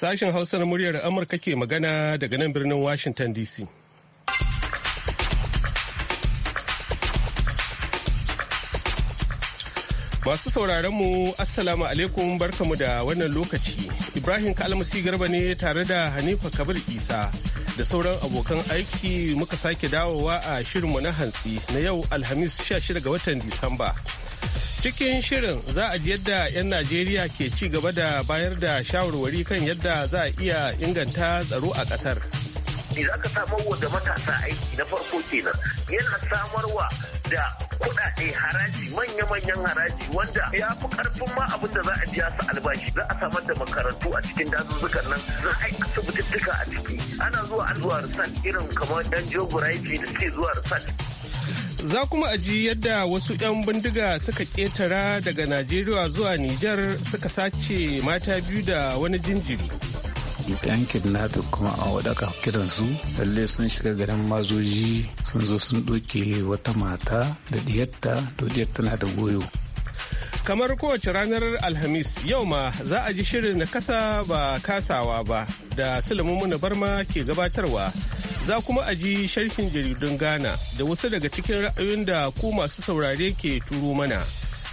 Sashen Hausa muryar Amurka ke magana daga nan birnin Washington DC. Masu sauraron mu Assalamu alaikum barkamu da wannan lokaci. Ibrahim Kalmasi Garba ne tare da Hanifa Kabir Isa da sauran abokan aiki muka sake dawowa a shirinmu na hantsi na yau Alhamis 16 ga watan Disamba. Cikin shirin za a ji yadda 'yan Najeriya ke ci gaba da bayar da shawarwari kan yadda za a iya inganta tsaro a ƙasar. Za ka samar wa da matasa aiki na farko kenan yana samarwa da kuɗaɗe haraji manya-manyan haraji wanda ya fi karfin ma abin da za a biya su albashi za a samar da makarantu a cikin dazuzzukan nan za a yi asibitittuka a ciki ana zuwa a zuwa irin kamar dan geography da suke zuwa research Za kuma aji yadda wasu 'yan bindiga suka ƙetara daga Najeriya zuwa Nijar suka sace mata biyu da wani jinjiri. yan kidnapping kuma a wadaka kiran su lalle sun shiga garin mazoji sun zo sun ɗoke wata mata da diyatta to diyatta na da goyo kamar kowace ranar alhamis yau ma za a ji shirin na kasa ba kasawa ba da silimin barma ke gabatarwa za kuma a ji sharhin jaridun Ghana da wasu daga cikin ra'ayoyin da ku masu saurare ke turo mana.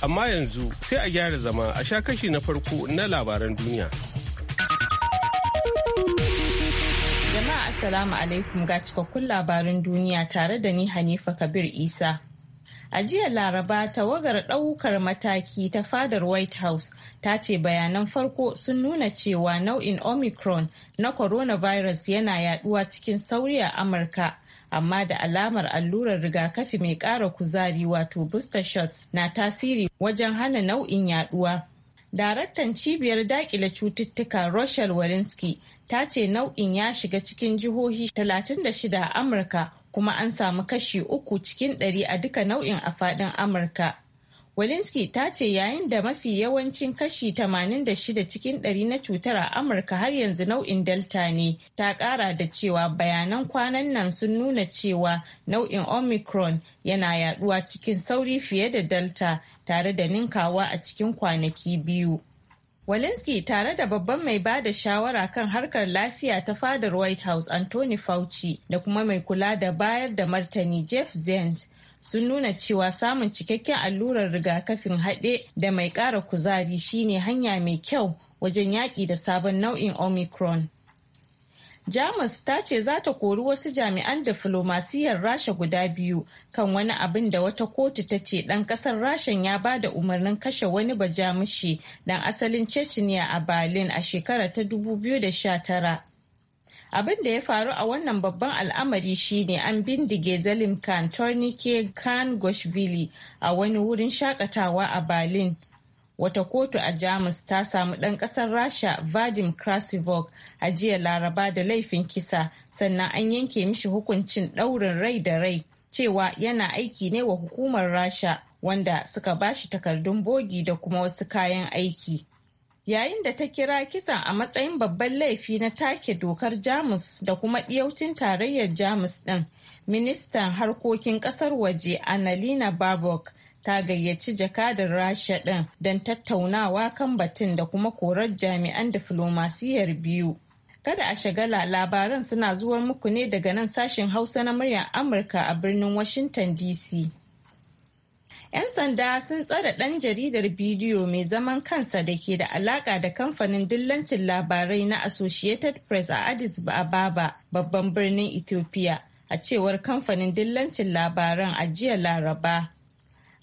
Amma yanzu sai a gyara zama a sha kashi na farko na labaran duniya. Jama'a Assalamu alaikum ga cikakkun labarin duniya tare da ni Hanifa Kabir Isa. A jiya Laraba tawagar ɗaukar mataki ta fadar White House ta ce bayanan farko sun nuna cewa nau'in Omicron na coronavirus yana yaduwa cikin sauri a Amurka. Amma da alamar allurar rigakafi mai ƙara kuzari wato booster shots na tasiri wajen hana nau'in yaduwa. Daraktan cibiyar dakile cututtuka Rochelle Walensky ta ce nau'in ya shiga cikin jihohi 36 a Amurka kuma an samu kashi uku cikin ɗari a duka nau'in a faɗin amurka Walensky ta ce yayin da mafi yawancin kashi 86 cikin ɗari na cutar a Amurka har yanzu nau'in Delta ne, ta ƙara da cewa bayanan kwanan nan sun nuna cewa nau'in Omicron yana yaduwa cikin sauri fiye da Delta tare da ninkawa a cikin kwanaki biyu. Walensky tare da babban mai ba da shawara kan harkar lafiya ta fadar White House Anthony Fauci da kuma mai kula da bayar da martani Jeff Zients sun nuna cewa samun cikakken allurar rigakafin haɗe da mai ƙara kuzari shine hanya mai kyau wajen yaƙi da sabon nau'in Omicron. jamus ta ce za ta kori wasu jami'an diflomasiyyar rasha guda biyu kan wani abin da wata kotu ta ce ɗan ƙasar rashan ya ba da umarnin kashe wani bajamushi dan asalin chechnya a berlin a shekarar ta 2019 abin da ya faru a wannan babban al'amari shine an bindige zalim khan tornike khan goshvili a wani wurin shakatawa a berlin wata kotu a jamus ta samu ɗan ƙasar rasha vadim krasivok a jiya laraba da laifin kisa sannan an yanke mishi hukuncin ɗaurin rai da rai cewa yana aiki ne wa hukumar rasha wanda suka ba shi takardun bogi da kuma wasu kayan aiki yayin da ta kira kisan a matsayin babban laifi na take dokar jamus da kuma ɗiyaucin tarayyar jamus ɗin ministan harkokin ƙasar waje annalina babok ta gayyaci jakadar rasha ɗin don tattaunawa kan batun da kuma korar jami'an diflomasiyar biyu kada a shagala labaran suna zuwar muku ne daga nan sashen hausa na muryar amurka a birnin washington dc 'yan sanda sun tsare ɗan jaridar bidiyo mai zaman kansa da ke da alaƙa da kamfanin dillancin labarai na associated press a addis ababa babban birnin ethiopia a cewar kamfanin dillancin labaran a jiya laraba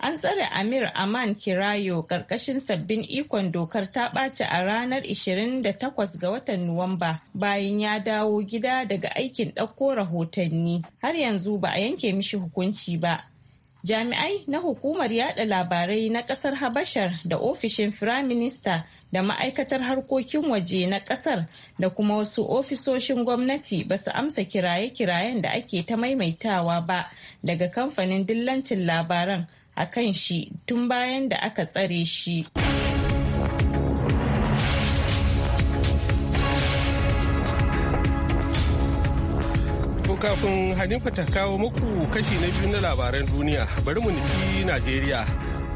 an tsare amir aman kirayo ƙarƙashin sabbin ikon dokar ta ɓaci a ranar 28 ga watan nuwamba bayan ya dawo gida daga aikin ɗauko rahotanni har yanzu ba a yanke mishi hukunci ba jami'ai na hukumar yada labarai na kasar habashar da ofishin firaminista da ma'aikatar harkokin waje na kasar da kuma wasu ofisoshin gwamnati ba su amsa kiraye-kirayen da ake ta maimaitawa ba daga kamfanin dillancin labaran a kan shi tun bayan da aka tsare shi. kafin Hanifa ta kawo muku kashi na biyu na labaran duniya bari mu nufi Najeriya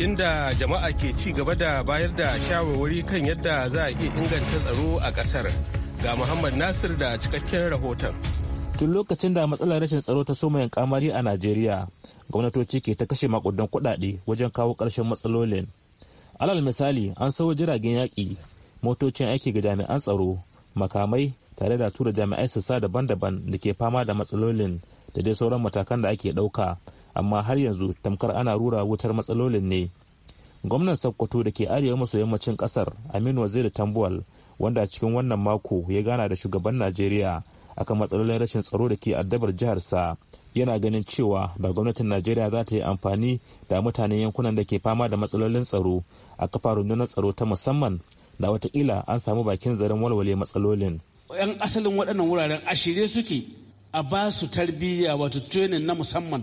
inda jama'a ke ci gaba da bayar da shawarwari kan yadda za a iya inganta tsaro a ƙasar. Ga Muhammad Nasir da cikakken rahoton. tun lokacin da matsalar rashin tsaro ta soma yin kamari a najeriya gwamnatoci ke ta kashe makudan kudade wajen kawo karshen matsalolin alal misali an sawo jiragen yaƙi motocin aiki ga jami'an tsaro makamai tare da tura jami'ai sassa daban-daban da ke fama da matsalolin da dai sauran matakan da ake ɗauka amma har yanzu tamkar ana rura wutar matsalolin ne gwamnan sokoto da ke arewa maso yammacin kasar aminu waziri tambuwal wanda cikin wannan mako ya gana da shugaban najeriya akan matsalolin rashin tsaro da ke addabar jihar sa yana ganin cewa da gwamnatin najeriya za ta yi amfani da mutanen yankunan da ke fama da matsalolin tsaro a kafa rundunar tsaro ta musamman da watakila an samu bakin zaren walwale matsalolin. 'yan asalin waɗannan wuraren a shirye suke a ba su tarbiyya wato training na musamman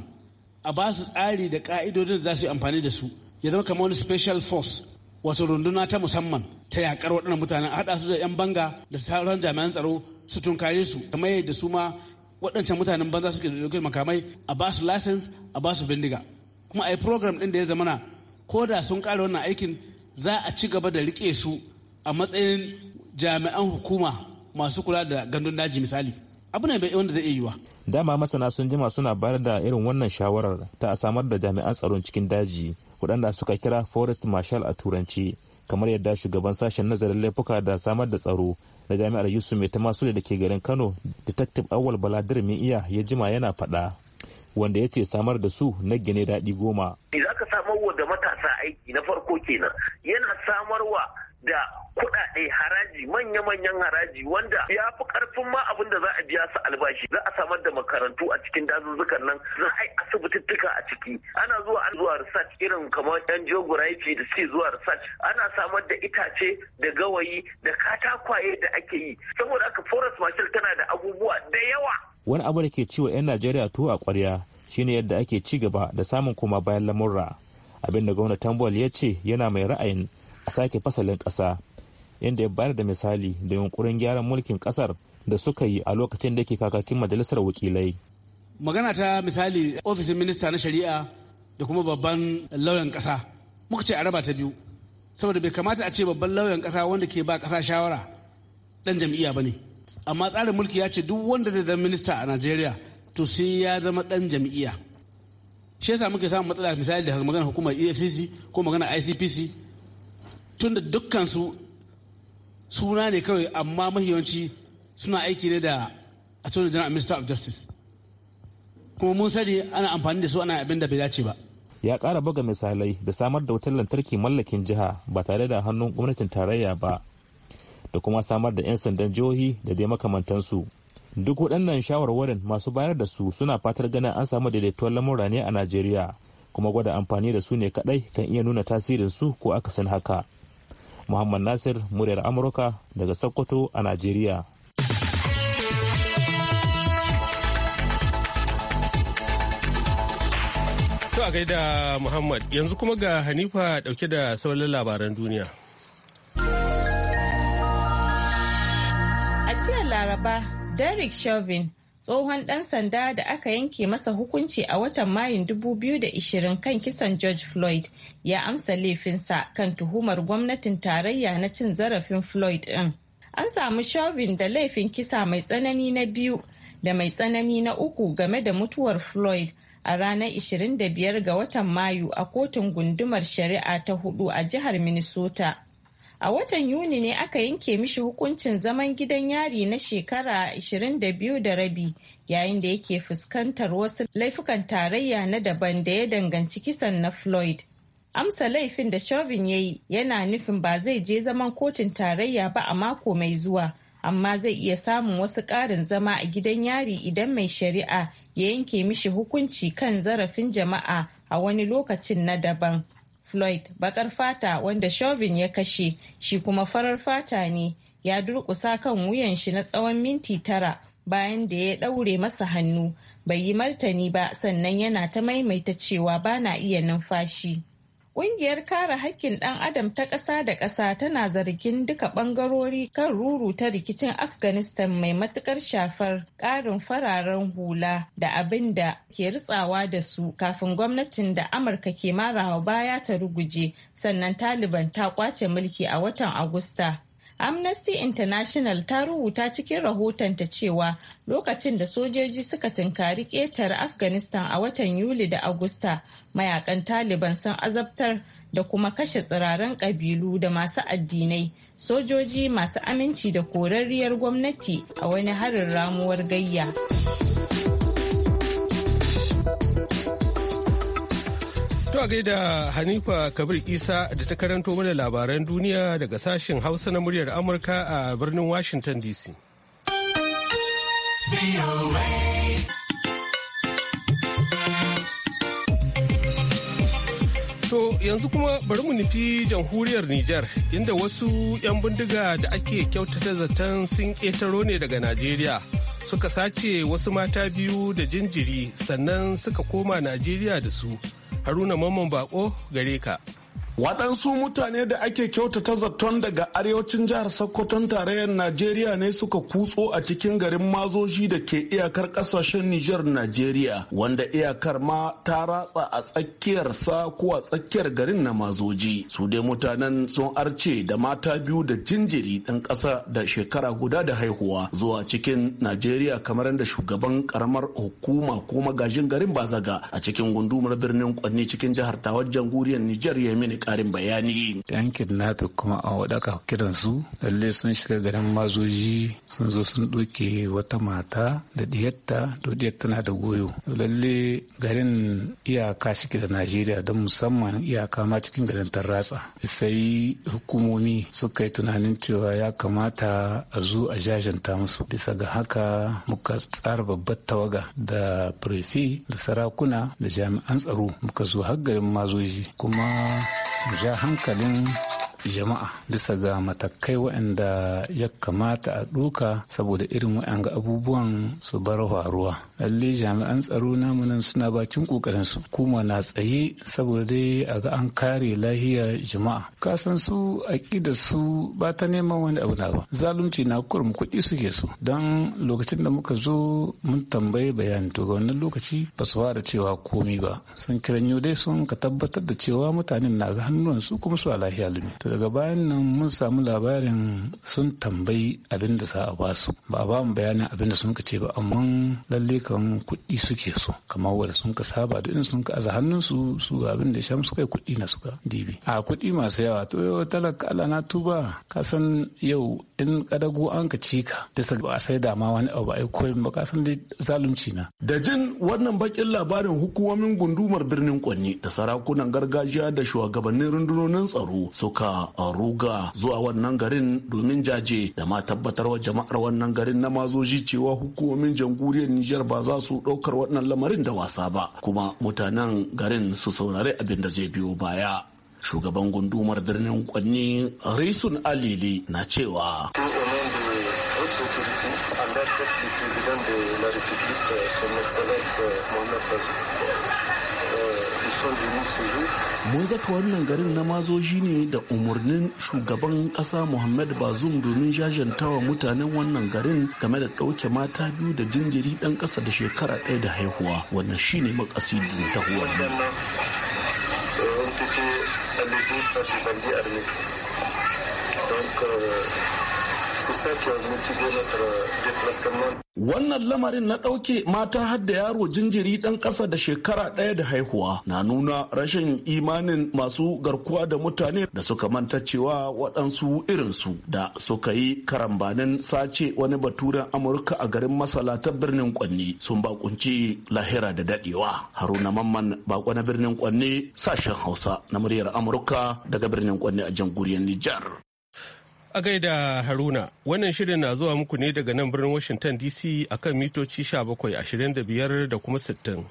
a ba su tsari da ka'idodin da za su yi amfani da su ya zama kamar wani special force wato runduna ta musamman ta yakar waɗannan mutanen a haɗa su da 'yan banga da sauran jami'an tsaro su tunkare su kamar yadda su ma waɗancan mutanen banza suke da dokar makamai a ba su license a ba su bindiga kuma a yi program ɗin da ya zamana ko da sun ƙara wannan aikin za a ci gaba da riƙe su a matsayin jami'an hukuma masu kula da gandun daji misali abu ne wanda zai iya yiwa. dama masana sun jima suna bayar da irin wannan shawarar ta a samar da jami'an tsaron cikin daji waɗanda suka kira forest marshal a turanci kamar yadda shugaban sashen nazarin laifuka da samar da tsaro na jami'ar yusuf mai tamasule da ke garin kano detective awal baladir mai iya ya jima yana faɗa wanda ya ce samar da su na gine daɗi goma. za ka samar wa da matasa aiki na farko kenan yana samarwa da kuɗaɗe haraji manya-manyan haraji wanda ya fi karfin ma abin da za a biya su albashi za a samar da makarantu a cikin dazuzzukan nan za a yi asibitittuka a ciki ana zuwa an zuwa research irin kamar yan geography da suke zuwa research ana samar da itace da gawayi da katakwaye da ake yi saboda aka forest marshal tana da abubuwa da yawa wani abu da ke ciwo 'yan najeriya tuwo a kwarya shine yadda ake ci gaba da samun kuma bayan lamurra abinda gwamnatin tambol ya ce yana mai ra'ayin a sake fasalin ƙasa inda ya bayar da misali da yunkurin gyaran mulkin ƙasar da suka yi a lokacin da ke kakakin majalisar wakilai. Magana ta misali ofishin minista na shari'a da kuma babban lauyan ƙasa muka ce a raba ta biyu saboda bai kamata a ce babban lauyan ƙasa wanda ke ba ƙasa shawara ɗan jam'iyya ba ne amma tsarin mulki ya ce duk wanda zai zama minista a Najeriya to sai ya zama ɗan jam'iyya shi yasa muke samun matsala misali da magana hukumar EFCC ko magana ICPC tunda dukkansu suna ne kawai amma mahiyanci suna aiki ne da attorney general minister of justice kuma mun sani ana amfani da su ana abin da bai dace ba ya kara buga misalai da samar da wutar lantarki mallakin jiha ba tare da hannun gwamnatin tarayya ba da kuma samar da 'yan sandan jihohi da dai makamantansu duk waɗannan shawarwarin masu bayar da su suna fatar ganin an samu daidaituwar lamura ne a najeriya kuma gwada amfani da su ne kaɗai kan iya nuna tasirin su ko akasin haka Muhammad Nasir muryar Amurka daga Sokoto a Najeriya. To a gaida Muhammad yanzu kuma ga Hanifa dauke da sauran labaran duniya. A jiya Laraba, Derek Chauvin tsohon ɗan sanda da aka yanke masa hukunci a watan mayun 2020 kan kisan george floyd ya amsa laifinsa kan tuhumar gwamnatin tarayya na cin zarafin floyd ɗin an samu chauvin da laifin kisa mai tsanani na biyu da mai tsanani na uku game da mutuwar floyd a ranar 25 ga watan mayu a kotun gundumar shari'a ta hudu a jihar minnesota A watan Yuni ne aka yanke mishi hukuncin zaman gidan yari na shekara 22 da rabi yayin da yake fuskantar wasu laifukan tarayya na daban da ya danganci kisan na Floyd. Amsa laifin da Chauvin ya yi yana nufin ba zai je zaman kotun tarayya ba a mako mai zuwa, amma zai iya samun wasu ƙarin zama a gidan yari idan mai shari'a ya yanke mishi hukunci kan zarafin jama'a a wani lokacin na daban. Floyd bakar fata wanda Chauvin ya kashe shi kuma farar fata ne ya durƙusa kan wuyan shi na tsawon minti tara bayan da ya ɗaure masa hannu bai yi martani ba sannan yana ta maimaita cewa bana iya numfashi. Ƙungiyar kare haƙƙin ɗan adam ta ƙasa da ƙasa tana zargin duka ɓangarori kan ruru ta rikicin Afghanistan mai matuƙar shafar ƙarin fararen hula da abin da ke ritsawa da su kafin gwamnatin da Amurka ke marawa baya ta ruguje sannan Taliban ta ƙwace mulki a watan Agusta. Amnesty International ta rubuta cikin rahotonta cewa lokacin da sojoji suka tunkari ƙetar Afghanistan a watan Yuli da Agusta, mayakan Taliban sun azabtar da kuma kashe tsiraren ƙabilu da masu addinai, sojoji masu aminci da korarriyar gwamnati a wani harin ramuwar gayya. To a gaida Hanifa Kabir Isa da ta karanto mana labaran duniya daga sashen Hausa na muryar Amurka a birnin Washington DC. To yanzu kuma bari mu nufi jamhuriyar Nijar inda wasu 'yan bindiga da ake kyautata zaton sun ƙetaro ne daga Najeriya. Suka sace wasu mata biyu da jinjiri sannan suka koma Najeriya da su. Haruna Mamman Bako gare ka. waɗansu mutane da ake kyautata zaton daga arewacin jihar sokoton tarayyar najeriya ne suka kutso a cikin garin mazoji da ke iyakar ƙasashen nijar najeriya wanda iyakar ma ta ratsa a tsakiyar sa ko a tsakiyar garin na mazoji su dai mutanen sun arce da mata biyu da jinjiri ɗan ƙasa da shekara guda da haihuwa zuwa cikin najeriya kamar yadda shugaban karamar hukuma ko magajin garin bazaga a cikin gundumar birnin kwanni cikin jihar tawar jamhuriyar nijar yamini karin bayani. Yan kidnapping kuma a wadaka kiran su lalle sun shiga garin mazoji sun zo sun doke wata mata da diyatta to diyar na da goyo. Lalle garin iyaka shige da Najeriya don musamman iyaka ma cikin garin Tarratsa. Sai hukumomi suka yi tunanin cewa ya kamata a zo a jajanta musu. Bisa ga haka muka tsara babbar tawaga da prefi da sarakuna da jami'an tsaro muka zo har garin mazoji kuma ja hankalin jama'a bisa ga matakai waɗanda ya kamata a duka saboda irin waɗanga abubuwan su bar faruwa lalle jami'an tsaro namu nan suna bakin su. kuma na tsaye saboda dai a ga an kare lahiyar jama'a kasan su aƙida su ba ta neman wani abu na ba zalunci na kurum kuɗi suke so don lokacin da muka zo mun tambayi bayani to ga wannan lokaci ba su fara cewa komi ba sun kiranyo dai sun ka tabbatar da cewa mutanen na ga hannuwansu kuma su a lahiya lumi daga bayan nan mun samu labarin sun tambayi abin da za a ba su ba a ba mu bayanin abin da sun ka ce ba amma lalle kan kuɗi suke so kamar wanda sun ka saba da sun ka aza hannun su su ga abin da sham suka yi kuɗi na suka dibi a kuɗi masu yawa to yau talaka Allah na tuba ka san yau in kadago an ka ci ka da ba a sai ma wani abu ai koyin ba ka san dai zalunci na da jin wannan bakin labarin hukumomin gundumar birnin Kwanni da sarakunan gargajiya da shugabannin rundunonin tsaro suka aruga ruga zuwa wannan garin domin jaje da ma tabbatar wa jama'ar wannan garin na mazoji cewa hukumomin jamhuriyar Nijar ba za su ɗaukar wannan lamarin da wasa ba kuma mutanen garin su saurari abin da zai biyo baya. Shugaban gundumar birnin Kwanni Risun Alili na cewa. Président de la Mohamed mun zaka wannan garin na mazoji ne da umarnin shugaban kasa muhammad bazum domin jajantawa mutanen wannan garin game da ɗauke mata biyu da jinjiri ɗan ƙasa da shekara ɗaya da haihuwa wannan shine makasidin ta huwa Wannan lamarin na ɗauke mata hadda yaro jinjiri ɗan ƙasa da shekara ɗaya da haihuwa na nuna rashin imanin masu garkuwa da mutane da suka manta cewa waɗansu irinsu da suka yi karambanin sace wani baturen Amurka a garin Masala ta birnin kwanne sun bakunci lahira da daɗewa. Haruna Mamman bako na birnin kwanne sashen Hausa na muryar Amurka daga birnin kwanne a jamhuriyar Nijar. A gaida Haruna, wannan shirin na zuwa muku ne daga nan birnin Washington DC akan mitoci 1725 da kuma 60.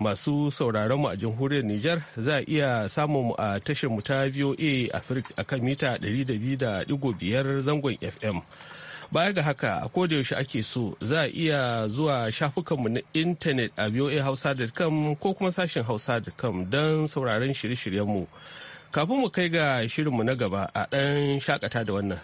Masu sauraron mu a jamhuriyar niger za a iya samun mu a tashar mu ta VOA Africa akan mita 200.5 zangon FM. Baya ga haka a yaushe ake so za a iya zuwa shafukanmu na intanet a hausa.com ko kuma sashen hausa.com don sauraron shirye-shiryenmu. mu. kafin mu kai ga shirinmu na gaba a ɗan shakata da wannan.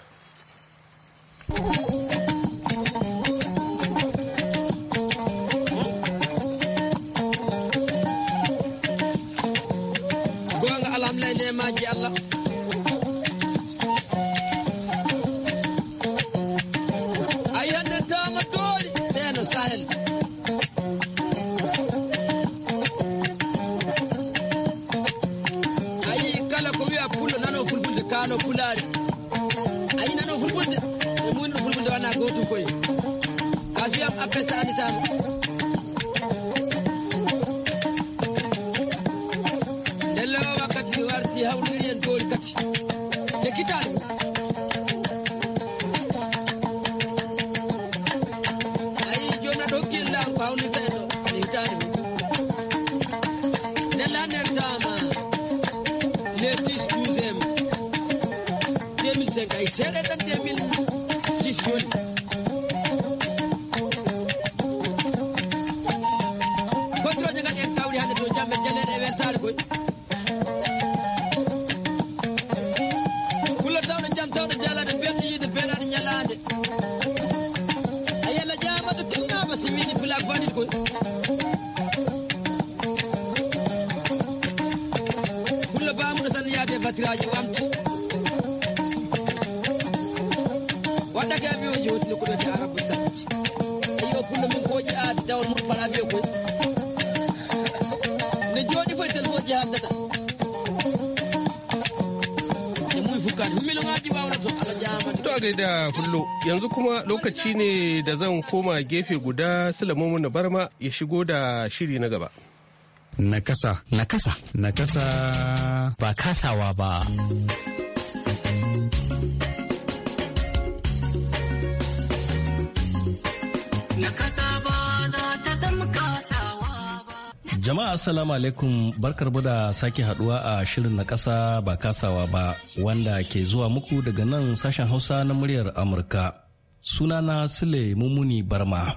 na jami'oji na da arabu jodi yanzu kuma lokaci ne da zan koma gefe guda Sulaimu na barma ya shigo da shiri na gaba. Nakasa. Nakasa. Nakasa. Ba kasawa ba. kasa Jama'a Assalamu alaikum barkar da sake haduwa a shirin na kasa ba kasawa ba wanda ke zuwa muku daga nan sashen Hausa na muryar Amurka. Sunana Sule Mumuni Barma.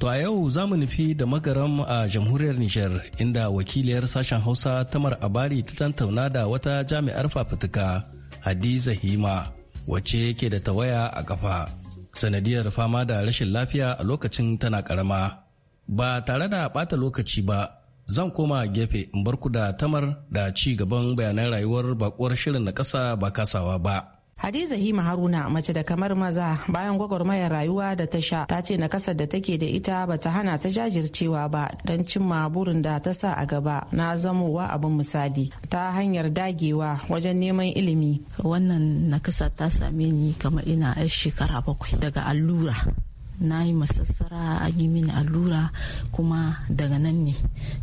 To a yau za mu nufi da magaram a jamhuriyar Nijar inda wakiliyar sashen Hausa Tamar Abari ta tantauna da wata jami'ar fafutuka hadiza hima wace yake da tawaya a kafa sanadiyar fama da rashin lafiya a lokacin tana karama ba tare da bata lokaci ba zan koma gefe in barku da tamar da ci gaban bayanan rayuwar bakuwar shirin na kasa ba kasawa ba hadiza hima haruna mace da kamar maza bayan gwagwarmayar rayuwa da ta sha ta ce nakasar da take da ita ba ta hana ta jajircewa ba don cimma burin da ta sa a gaba na zamowa abin misali ta hanyar dagewa wajen neman ilimi wannan nakasa ta same ni kamar ina 'yar shekara bakwai daga allura na yi masassara an yi mini allura kuma daga nan ne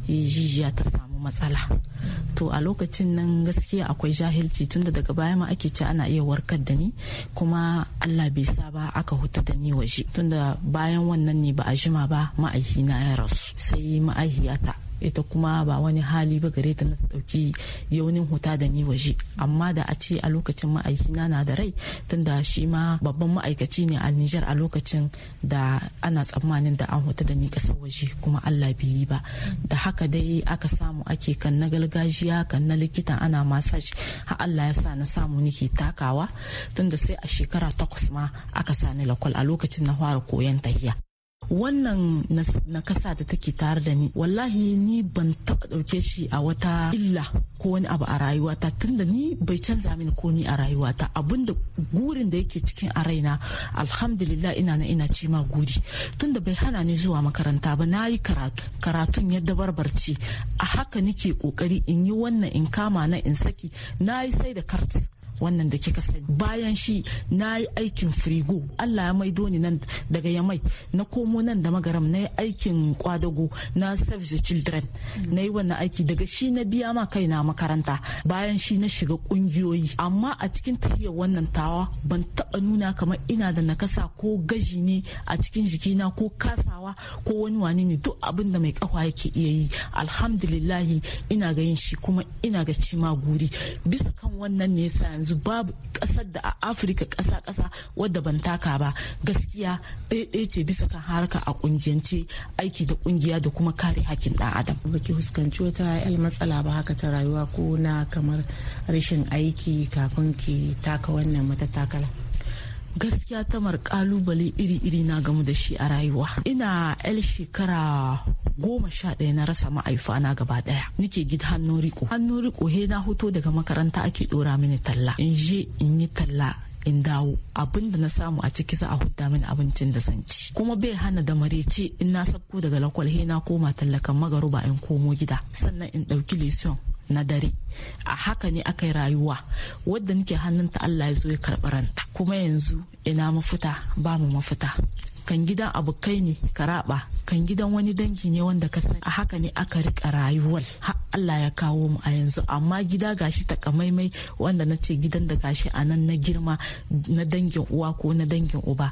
jijiya ta samu matsala to a lokacin nan gaskiya akwai jahilci tunda daga baya ma ake ce ana iya warkar da ni kuma allah bai sa ba aka huta da ni waje tunda bayan wannan ne ba a jima ba ma'aihina ya rasu sai ma'aihiyata ita kuma ba wani hali ba gare ta na dauki yaunin huta da ni waje amma da a ce a lokacin ma'aikina na da rai tunda shi ma babban ma'aikaci ne a Nijar a lokacin da ana tsammanin da an huta da ni kasar waje kuma Allah bai yi ba da haka dai aka samu ake kan na gargajiya kan na likita ana masaj har Allah ya sa na samu nake takawa tunda sai a shekara takwas ma aka sani lakwal a lokacin na fara koyon tahiya wannan nakasa da take tare da ni wallahi ni ban taɓa ɗauke shi a wata illa ko wani abu a rayuwata tunda ni bai canza mini komi a rayuwata abinda gurin da yake cikin a raina alhamdulillah ina na ina cima guri tunda bai hana ni zuwa makaranta ba na yi karatu karatun yadda barbarci a haka nike kokari in yi wannan in kama na in saki na yi sai da kart wannan da kika sani bayan shi na yi aikin firigo allah ya maido ni nan daga yamai na komo nan da magaram na yi aikin kwadago na save the children na yi wannan aiki daga shi na biya ma kai na makaranta bayan shi na shiga kungiyoyi amma a cikin tafiyar wannan tawa ban taba nuna kamar ina da nakasa ko gaji ne a cikin jikina ko kasawa ko wani wani ne duk abin da mai kafa yake iya yi alhamdulillah ina ga yin shi kuma ina ga cima guri bisa kan wannan ne yasa yanzu yanzu babu ƙasar da a afirka kasa kasa wadda ban taka ba gaskiya ɗaya ce bisa kan harka a ƙungiyance aiki da ƙungiya da kuma kare hakkin ɗan adam. baki fuskanci wata yan matsala ba haka ta rayuwa ko na kamar rashin aiki kafin ki taka wannan matatakala. gaskiya tamar kalubale iri-iri na gamu da shi a rayuwa ina 'yar shekara goma sha ɗaya na rasa ma'aifa na gaba ɗaya nike gid hannun riko hannun riko he na hoto daga makaranta ake ɗora mini talla in je in yi talla in dawo abin da na samu a ciki za a hudda mini abincin da zan ci kuma bai hana da marece in na sabko daga lakwal he na koma tallakan magaruba in komo gida sannan in ɗauki lesiyon na dare a haka ne aka yi rayuwa wadda nake ta Allah ya zo ya karɓi ranta kuma yanzu ina mafita ba mu mafita kan gidan abokai ne ka raba kan gidan wani dangi ne wanda ka sani a haka ne aka rika rayuwar har Allah ya kawo mu a yanzu amma gida gashi takamaimai wanda na ce gidan da gashi a nan na girma na dangin uwa ko na dangin uba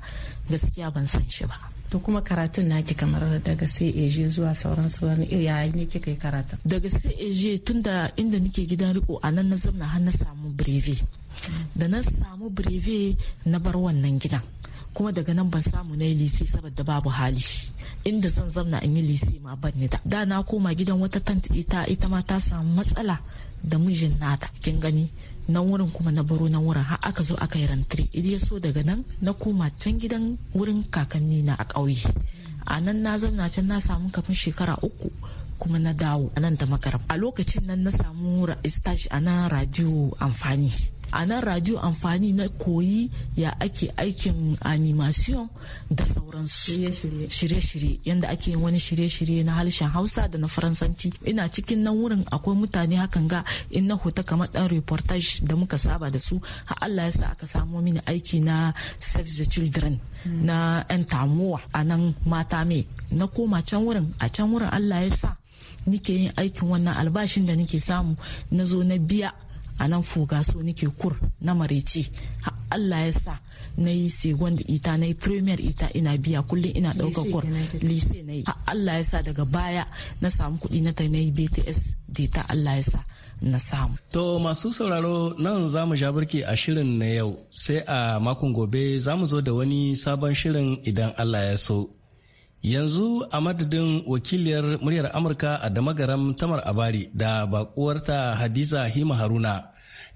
gaskiya ban san shi ba to kuma karatun naki kamar daga CAG zuwa sauran sauran yayin ne kika yi karatu daga CAG tunda inda nake gidan riko a nan na zamna har na samu brevi da na samu brevi na bar wannan gidan kuma daga nan ban samu na yi lise saboda babu hali inda zan zamna in yi lise ma ban ni da da na koma gidan wata tant ita ita ma ta samu matsala da mijin nata kin gani nan wurin kuma na baro nan wurin har aka zo aka yi rantiri idan ya so daga nan na koma can gidan wurin kakanni na a ƙauye a nan na zauna can na samu kafin shekara uku kuma na dawo a nan da makaram a lokacin nan na samu stage a nan radio amfani a nan radio amfani na koyi ya ake aikin animation da sauransu shirye-shirye yadda ake wani shirye-shirye na harshen hausa da na faransanci ina cikin nan wurin akwai mutane hakan ga in na hota kamar dan reportage da muka saba da su ha Allah ya sa aka samo mini aiki na save the children na 'yan tamuwa a nan mata me na koma can wurin a can wurin Allah ya sa nike yin aikin wannan albashin da nike samu na zo na biya a nan fuga so nike kur na marece Allah ya sa na yi da ita na yi premier ita ina biya kullum ina ɗaukar kur lise na yi Allah ya sa daga baya na samu kuɗi na ta yi bts data Allah ya sa na samu. To masu sauraro nan za mu birki a shirin na yau sai a makon gobe za mu zo da wani sabon shirin idan Allah ya so. Yanzu a madadin wakiliyar muryar Amurka a Damagaram Tamar Abari da bakuwarta Hadiza Hima Haruna,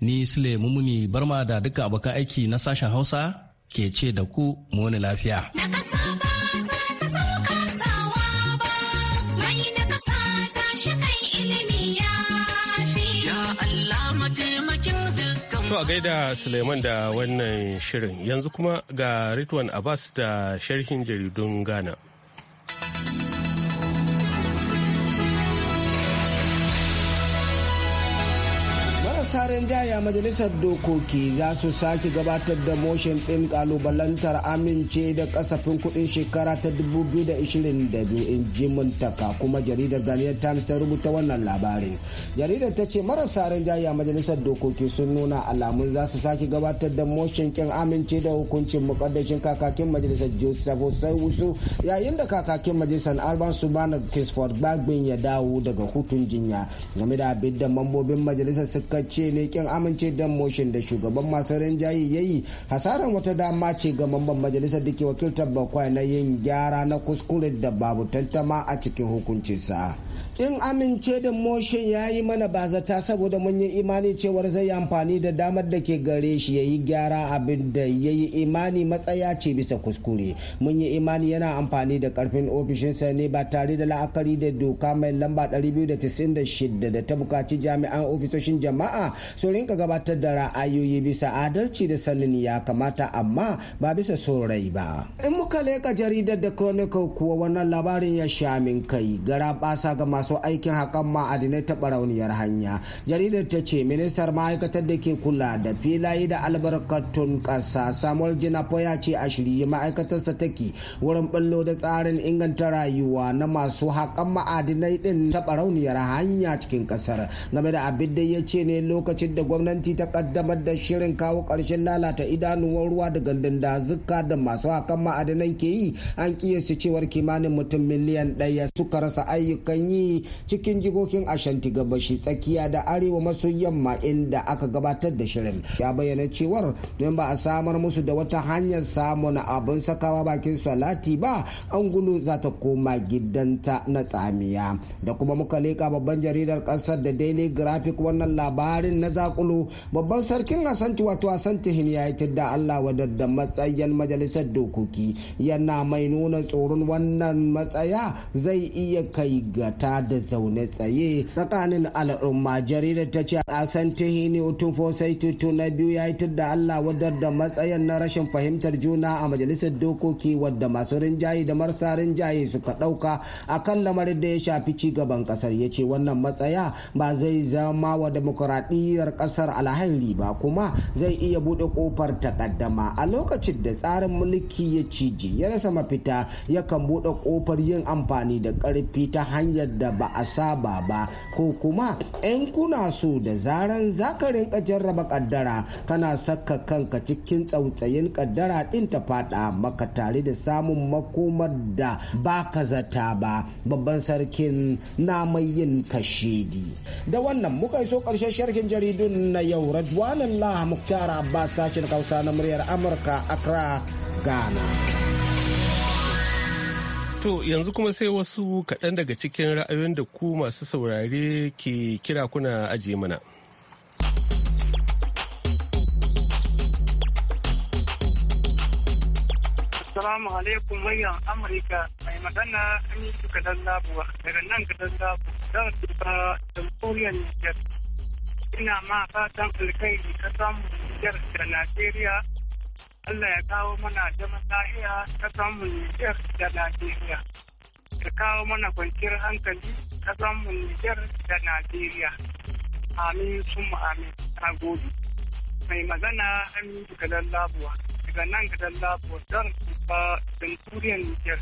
ni Sule Mumuni Barma da duka abokan aiki na sashen Hausa ke ce da ku muni lafiya. a gaida Suleiman da wannan shirin yanzu kuma ga Ritwan Abbas da sharhin jaridun Ghana. a majalisar dokoki za su sake gabatar da motion ɗin kalubalantar amince da kasafin kuɗin shekara ta 2022 in ji muntaka kuma jaridar Ghanaian Times ta rubuta wannan labarin. Jaridar ta ce marasa rinjaye a majalisar dokoki sun nuna alamun za su sake gabatar da motion kin amince da hukuncin mukaddashin kakakin majalisar Joseph sai Wusu yayin da kakakin majalisar Alban bana Kisford Bagbin ya dawo daga hutun jinya game da abin da mambobin majalisar suka ce ne kin amince da motion da shugaban masu rinjaye ya yi hasaran wata dama ce ga mamban majalisar da ke wakiltar bakwai na yin gyara na kuskure da babu tantama a cikin hukuncinsa in amince da motion ya yi mana bazata saboda mun yi imani cewar zai yi amfani da damar da ke gare shi ya yi gyara abin da ya yi imani matsaya ce bisa kuskure mun yi imani yana amfani da karfin ofishinsa ne ba tare da la'akari da doka mai lamba 296 da ta bukaci jami'an ofisoshin jama'a su rinka rika gabatar da ra'ayoyi bisa adalci da sanin ya kamata amma ba bisa son rai ba in muka leka jaridar da chronicle kuwa wannan labarin ya sha min kai gara basa ga masu aikin hakan ma'adinai ta barauniyar hanya jaridar ta ce ministar ma'aikatar da ke kula da filaye da albarkatun ƙasa samuel jinapo ya ce a shirye ma'aikatarsa take wurin ɓallo da tsarin inganta rayuwa na masu haƙan ma'adinai din ta barauniyar hanya cikin ƙasar game da abin da ya ce ne lokacin da gwamnati gwamnati ta kaddamar da shirin kawo ƙarshen lalata idanuwan ruwa da gandun dazuka da masu hakan ma'adanan ke yi an kiyasta cewar kimanin mutum miliyan ɗaya suka rasa ayyukan yi cikin jikokin ashanti gabashi tsakiya da arewa maso yamma inda aka gabatar da shirin ya bayyana cewar don ba a samar musu da wata hanyar samun abin sakawa bakin salati ba an gudu za ta koma gidanta na tsamiya da kuma muka leƙa babban jaridar ƙasar da daily graphic wannan labarin na zakulu kano babban sarkin asanti wato hin ya yi da allah da matsayin majalisar dokoki yana mai nuna tsoron wannan matsaya zai iya kai gata da zaune tsaye tsakanin al'umma jaridar ta ce fosai tutu na biyu ya yi da allah da matsayin na rashin fahimtar juna a majalisar dokoki wadda masu rinjaye da marasa rinjaye suka ɗauka a kan lamarin da ya shafi ci gaban ƙasar ya ce wannan matsaya ba zai zama wa demokuraɗiyyar ƙasar kasar alhairi ba kuma zai iya bude kofar takaddama a lokacin da tsarin mulki ya ciji ya rasa mafita yakan bude kofar yin amfani da karfi ta hanyar da ba a saba ba ko kuma 'yan kuna so da zaran zakarin jarraba kaddara kana saka kanka cikin tsautsayin kaddara din ta fada maka tare da samun makomar da ba ka zata ba babban sarkin na mai yin kashedi da wannan muka iso karshen sharhin jaridun na yau Radwanan Allah Muktar Abbas sashen kausa na muryar Amurka Accra Ghana. To yanzu kuma sai wasu kaɗan daga cikin ra'ayoyin da ku masu saurare ke kira kuna ajiye mana. Assalamu alaikum wayan Amurka mai magana an yi kadan labuwa daga nan kadan labuwa zan tuka jamhuriyar Nijar. ina ma fatan alkhairi ka samu Nijar da Najeriya. Allah ya kawo mana zaman lahiya ka samu Nijar da Najeriya. Ka kawo mana kwanciyar hankali ka samu Nijar da Najeriya. Amin sun amin. Na gobe. Mai magana Aminu Galan Labuwa. Daga nan Galan Labuwa don ba Centurion Nijar.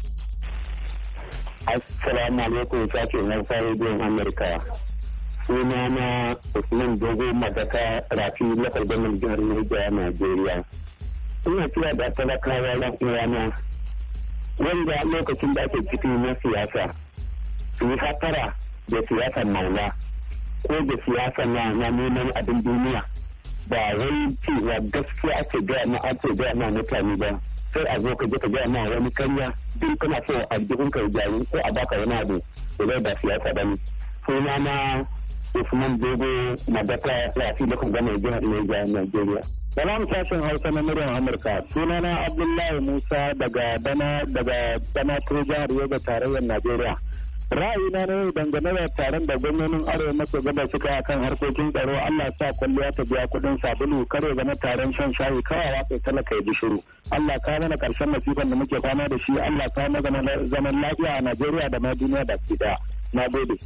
Assalamu alaikum sake nan fara biyan Amurka. suna na Usman Dogo Madaka Rafi Lafar Gwamnan Jihar Niger Najeriya. Ina kira da talakawa na uwana wanda lokacin da ake ciki na siyasa su yi hatara da siyasar maula ko da siyasa na na neman abin duniya ba wai cewa gaskiya ake gaya na ake gaya na mutane ba sai a zo ka je ka gaya na wani karya duk kana so a jikin ka ko a baka wani abu zai ba siyasa ba ne. Suna Usman Dogo na daga rafi lokacin gama jihar Niger Nigeria. Salam sashen Hausa na muryar Amurka sunana Abdullahi Musa daga Bana daga Dana jihar Yobe tarayyar Najeriya. ra'ayina ne dangane da taron da gwamnonin arewa maso gabas suka yi kan harkokin tsaro Allah sa kwalliya ta biya kuɗin sabulu kare zama taron shan shayi kawai kai talaka ya shiru Allah ka mana karshen masifan da muke fama da shi Allah ka mana zaman lafiya a Najeriya da ma duniya da ke daya. Na gode.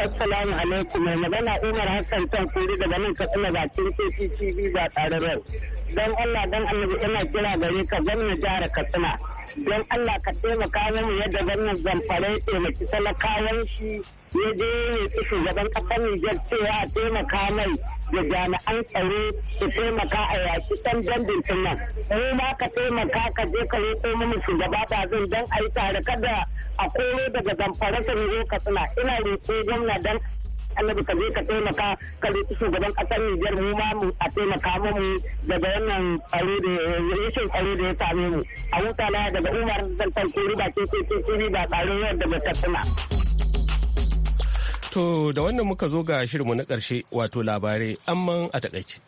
Assalamu alaikum mai magana Umar Hassan kan kuri daga nan ka tsina bakin KTTV ba tare da Don Allah don Allah ina kira gare ka gwamna jihar Katsina. Don Allah ka taimaka mu yadda gwamnan zamfara ya taimaki talakawan shi ya je ya shugaban kasar Nijar cewa a taimaka mai da jami'an tsaro su taimaka a yaki ɗan dandin nan. Mu ma ka taimaka ka je ka roƙo mu shugaba ba zan dan a yi tare kada a koro daga zamfara ta roƙo ka suna ina roƙo gwamna dan annabi ka je ka taimaka ka roƙi shugaban Nijar mu ma mu a taimaka mu daga wannan tsaro da rashin tsaro da ya same mu. A huta daga Umar Zantar Kori ba ke ke ke ba tsaro yadda ba ta To da wannan muka zo ga shirinmu na ƙarshe wato labarai amma a takaice.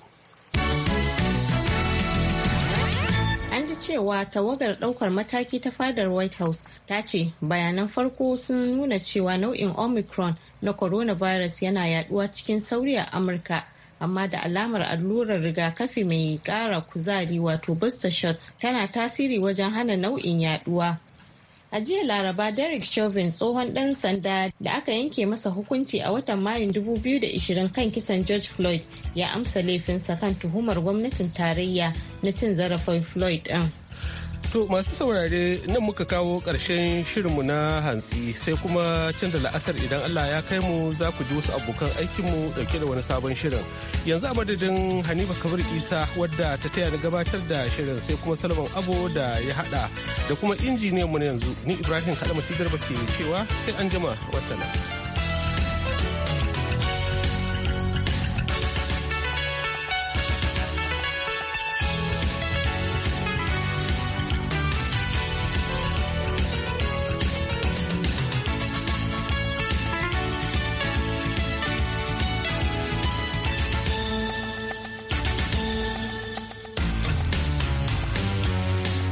An ji cewa tawagar ɗaukar mataki ta fadar White House ta ce bayanan farko sun nuna cewa nau'in Omicron na coronavirus yana yaduwa cikin sauri a Amurka amma da alamar allurar rigakafi mai ƙara kuzari wato booster shots tana tasiri wajen hana nau'in yaduwa. A jiya Laraba Derek Chauvin tsohon ɗan sanda da aka yanke masa hukunci a watan Mayun 2020 kan kisan George Floyd ya amsa laifinsa kan tuhumar gwamnatin tarayya na cin zarafin Floyd ɗin. To masu saurare nan muka kawo ƙarshen shirinmu na hantsi sai kuma can da la'asar idan Allah ya kai mu za ku ji wasu abokan aikinmu ɗauke da wani sabon shirin. Yanzu a madadin Hanifa Kabir Isa wadda ta taya ni gabatar da shirin sai kuma Salman Abo da ya haɗa da kuma injiniyanmu na yanzu ni Ibrahim Kaɗa Masidar ke cewa sai an jima wasana.